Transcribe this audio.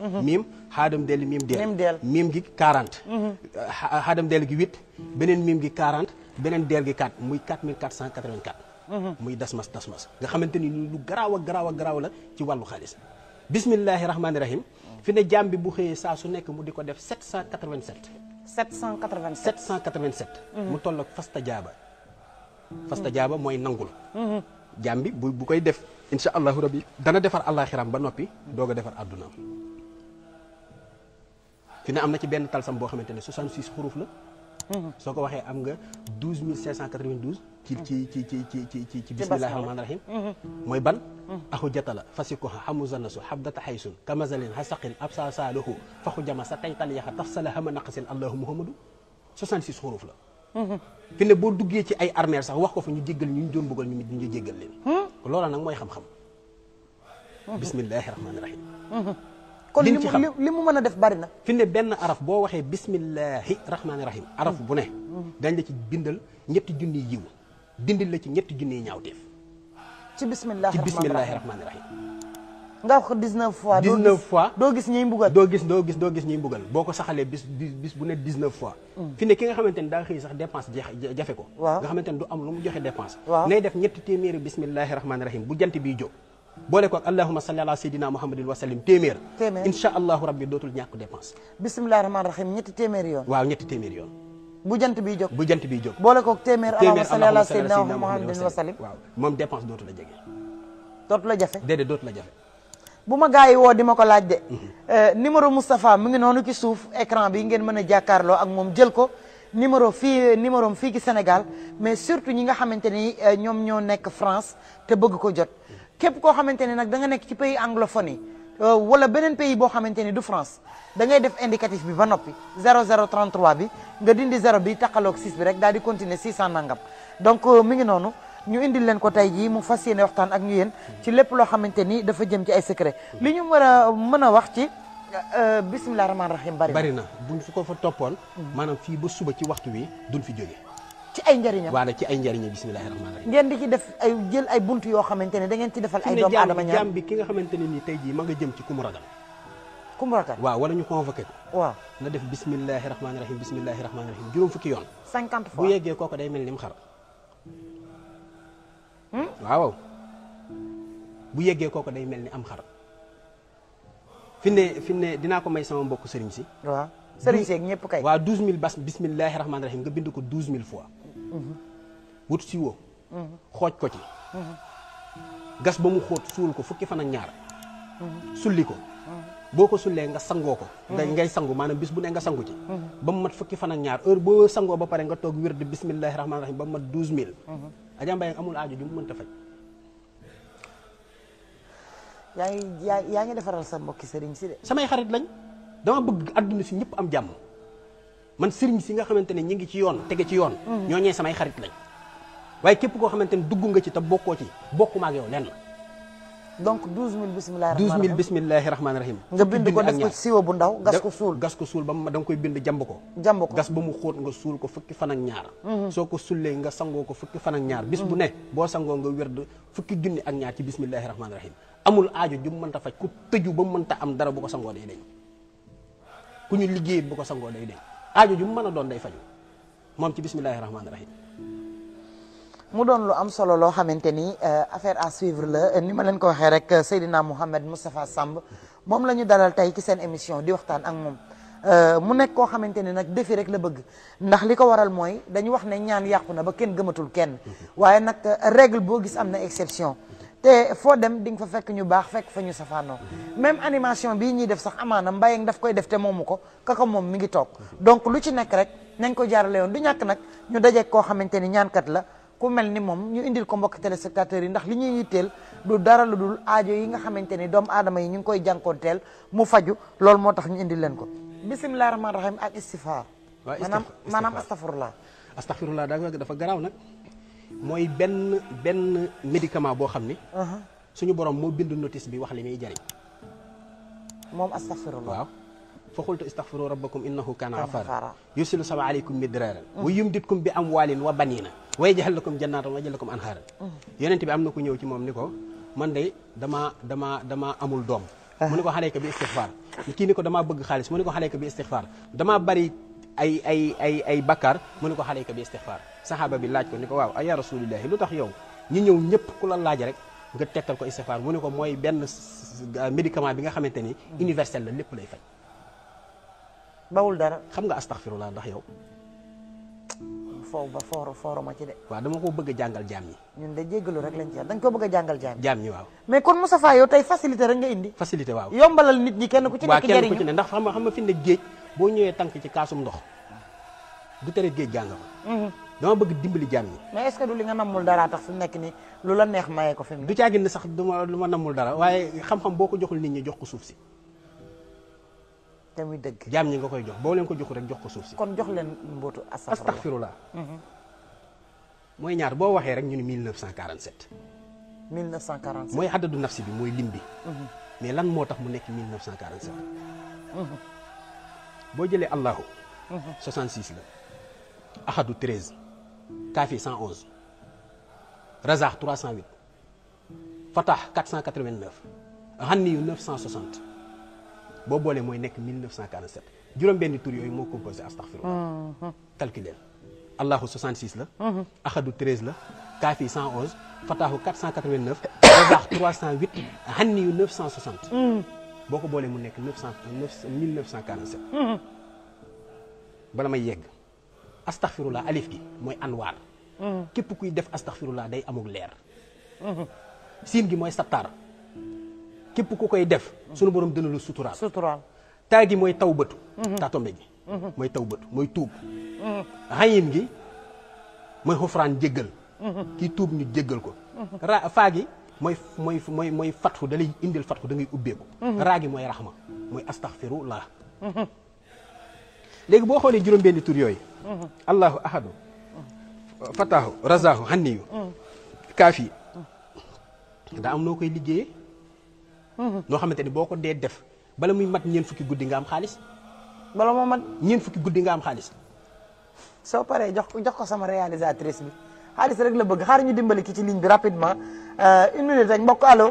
miim xaadam delli miim deel miim gi 40 xaadam mhm. dell gi 8 beneen miim gi 40 beneen deel gi 4 muy 4484 mhm. muy dasmas dasmas nga xamante ni lu garaaw a garaaw a garaaw la ci wàllu xaalis bismillahi rahmaani rahim fi ne jaam bi bu xëyee saa su nekk mu di ko def 787 787 787 mu toll ak fasta jaaba fasta mhm. jaaba mooy nangul jaam bi bu bu koy def insha allahu rabbi dana defar àllaaxiram ba noppi doog a defar àddunaam fi ne am na ci benn talsam boo xamante ne 66 xuruf la. soo ko waxee am nga 12592. ci ci ci ci ci ci ci ci bismillahi rahmaani rahim. Mhm. mooy ban. Mhm. axu jatala fasikoha xamu zanasu xabdata xaysun kamazalin xasaqin absa saalohu faxu jama sa taytal yaxa sa hama naqasin allahu muhammadu 66 xuruf la. Mhm. fi ne boo duggee ci ay armeer sax wax ko fa ñu jéggal ñu ñu doon bëggal ñu ñu jéggal leen. Hmm? loola nag mooy xam-xam. bismillahi kon li mu li mu mën a def bari na fi ne benn araf boo waxee bismillahi rahmaani rahim araf bu ne dañ la ci bindal ñetti junni yiw dindil la ci ñetti junni ñaawteef ci bismillahi ci bismillahi rahmaani rahim nga wax ko 19 fois 19 fois doo gis ñuy mbugal doo gis doo gis doo gis ñuy mbugal boo ko saxalee bis bis bu ne 19 fois mm. fi ne ki nga xamante ne daa xëy sax dépense jafe ko nga xamante du am lu mu joxe dépense nay def ñetti téeméeri bismillahi rahmaani rahim bu jant biy jóg boole ko ak allahuma salli ala sayyidina muhammadin wa sallim téeméer incha allahu rabbi dootul ñàkk dépense bismillahi rahmaani rahim ñetti téeméer yoon waaw ñetti téeméer yoon bu jant bi jóg boole ko téeméer allahuma salli ala sayyidina muhammadin wa sallim waaw moom dépense dootu la jege dootu la jafe déedéet dootu la jafe bu ma gars yi woo di ma ko laaj de mhm. euh, numéro Moustapha mu ngi noonu ci suuf écran bi ngeen mën a jàkkaarloo ak moom jël ko numéro fii numéro fii ci Sénégal mais surtout ñi nga xamante ni euh, ñoom ñoo nekk France te bëgg ko jot mhm. képp koo xamante ne nag da nga nekk ci pays anglophone yi euh, wala beneen pays boo xamante ne du France da ngay def indicatif bi ba noppi 0033 bi nga dindi 0 bi taqaloog bi rek daal di continuer 600 nangam donc euh, mi ngi noonu ñu indil leen ko tey jii mu fas yéene waxtaan ak ñu yéen ci lépp loo xamante ni dafa jëm ci ay secret li ñu mën a mën a wax ci euh, bisimilah rahmaani rahim bari na bari na buñ fi ko fa toppoon hmm. maanaam fii ba suba ci waxtu wi duñ fi jóge ci ay njëriñam waaw ci ay njëriñam bismillahi rahmaani rahim ngeen di ci def ay jël ay buntu yoo xamante ne da ngeen ci defal ay doomu aadama ñaar jaam bi ki nga xamante ne nii tey jii ma nga jëm ci ku mu ragal ku mu ragal waaw wala ñu convoqué ko waaw na def bismillahi rahmaani rahim bismillahi rahmaani rahim juróom fukki yoon cinquante fois bu yeggee kooku day mel ni mu xar hmm? waaw bu yeggee kooku day mel ni am xar fi ne fi ne dinaa ko may sama mbokk sëriñ si waaw sëriñ seeg ñëpp kay waaw douze mille bas bismillahi rahmaani rahim nga bind ko douze mille fois wut siwo xooj ko ci gas ba mu xóot suul ko fukki fan ak ñaar sulli ko boo ko sullee nga sangoo ko nga ngay sangu maanaam bis bu ne nga sangu ci ba mu mat fukki fan ak ñaar heure boo sangoo ba pare nga toog wér di bismillahi rahmaani rahim ba mu mat douze mille Adja Mbaye amul aajo ju mu mënta faj yaa ngi yaa ngi defaral sa mbokki sëriñ si de samay xarit lañ dama bëgg adduna si ñëpp am jàmm man sëriñ si nga xamante ne ñi ngi ci yoon tege ci yoon mm. ñoo ñee samay xarit lañ waaye képp koo xamante ne dugg nga ci te bokkoo ci bokku ma ak yow lenn donc 12000 bisimilah 12000 bisimilahi rahmaani rahim. nga bind ko def ko siwo bu gas ko suul. gas ko suul ba koy bind jamb ko. jamb ko gas ba mu nga suul ko fukki fan ak ñaar. Mm-hmm. soo ko sulee nga sangoo ko fukki fan ak ñaar. bis bu mm-hmm. ne boo sangoo nga wér fukki junni ak ñaar ci bisimilahi rahmaani rahim amul aajo ju mënta faj ku tëju ba mu mënta am dara bu ko sangoo day deñ ku ñu liggéey bu ko sangoo day deñ aajo ju mu mën a doon day faju moom ci bismillahi rahmaani rahim mu doon lu am solo loo xamante ni euh, affaire à suivre la euh, ni ma leen ko waxee rek euh, Seydina Mouhamed Moustapha Samb moom la ñu dalal tey ci seen émission di waxtaan ak moom mu nekk koo xamante ni nag defi rek la bëgg ndax li ko waral mooy dañu wax ne ñaan yàqu na ba kenn gëmatul kenn mm-hmm. waaye nag règle boo gis am na exception te foo dem di nga fa fekk ñu baax fekk fa ñu safaanoo même animation bi ñuy def sax amaana mbayeng daf koy def te moomu ko kaka moom mi ngi toog donc lu ci nekk rek nañ ko jaarale yoon du ñàkk nag ñu dajeeg koo xamante ni ñaankat la ku mel ni moom ñu indil ko mbokk téléspectateurs yi ndax li ñuy yitteel du dara lu dul aajo yi nga xamante ni doomu aadama yi ñu ngi koy jànkoonteel mu faju loolu moo tax ñu indil leen ko bisimilah rahmaani rahim ak istifaar maanaam maanaam astafurlah astafurlah dafa garaaw nag mooy benn benn médicament boo xam ni. Uh-huh. suñu borom moo bind notice bi wax li muy jariñ moom astaghfirullah waaw fa xultu istaghfiru rabbakum innahu kana ghafara yusilu sama aleykum midraaran wa mm-hmm. yumditkum bi amwaalin wa banina wa yaj'al lakum jannatan wa yaj'al lakum anhaaran mm-hmm. yonent bi am na ku ñëw ci moom ni ko man de dama dama dama amul doom uh-huh. mu ni ko xalee ko bi istighfar kii ni ko damaa bëgg xaalis mu ni ko xalee ko bi istighfar ay ay ay ay bakkaar mu ne ko ka bi istixfaar saxaaba bi laaj ko ni ko waaw ay ya rasulillahi lu tax yow ñu ñëw ñëpp ku la laaj rek nga tegtal ko istixfaar mu ne ko mooy benn médicament bi nga xamante ni hmm. universel la lépp lay faj. bawul dara xam nga astaxfirullah ndax yow. foofu ba fooro fooro ma ci de. waaw dama ko bëgg a jàngal jaam ñi. a jàngal jaam ñi. jaam ñi waaw. mais kon Moustapha yow tey facilité rek nga indi. facilité waaw yombalal nit ñi kenn ku ci nekk. jëriñu waaw kenn ku ci ne ndax xam nga xam nga fi boo ñëwee tank ci kaasum ndox du tere géej gaa nga fa mhm. dama bëgg dimbali jaam yi mais est-ce du li nga nammul dara tax fi mu nekk ni lu la neex mayee ko fi mu du caa génn sax duma lu ma nammul dara waaye xam-xam boo ko joxul nit ñi jox ko suuf si te muy dëgg jaam ñi nga koy jox boo leen ko joxul rek jox ko suuf si kon jox leen mbootu astaxfirullah mhm. mooy ñaar boo waxee rek ñu ne 1947 1947 mooy xaddadu nafsi bi mooy lim bi mhm. mais lan moo tax mu nekk 1947 boo jëlee allahu 66 mhm. la ahadu 13 kaafi 111 razaax 308 fatah 489 xanniyu 960 boo boolee mooy nekk 1947 juróom-benni tur yooyu moo composé astaghfirullah mhm. calculeel allahu 66 la mhm. ahadu 13 la kaafi 111 fatahu 489 razaax 308 xanniyu 960 boo ko boolee mu nekk neuf cent mille neuf cent quarante sept mhm. bala may yegg astaxfirullah alif gi mooy anwaar mhm. képp kuy def astaxfirullah day amul leer mhm. siin gi mooy sattaar képp ku koy def sunu borom dina lu suturaal suturaal taa gi mooy taw bëtu taa tombe gi mooy tuub xayin gi mooy xofraan jéggal kii tuub ñu jéggal ko faa gi mooy mooy mooy mooy fatxu da lay indil fatxu da ngay ubbeeku. Mhm. raa gi mooy raxma mooy astaxfirullah. léegi boo xoolee juróom-benni tur yooyu. Mhm. allahu ahadu. Mhm. fataahu razaahu xanniyu. kaafi. daa am noo koy liggéeyee. noo xamante ni boo ko dee def bala muy mat ñeent fukki guddi nga am xaalis. bala moo mat ñeent fukki guddi nga am xaalis. soo paree jox ko jox ko sama réalisatrice bi. xaalis rek la bëgg xaar ñu dimbali ki ci ligne bi rapidement euh, une minute rek mbokk allo.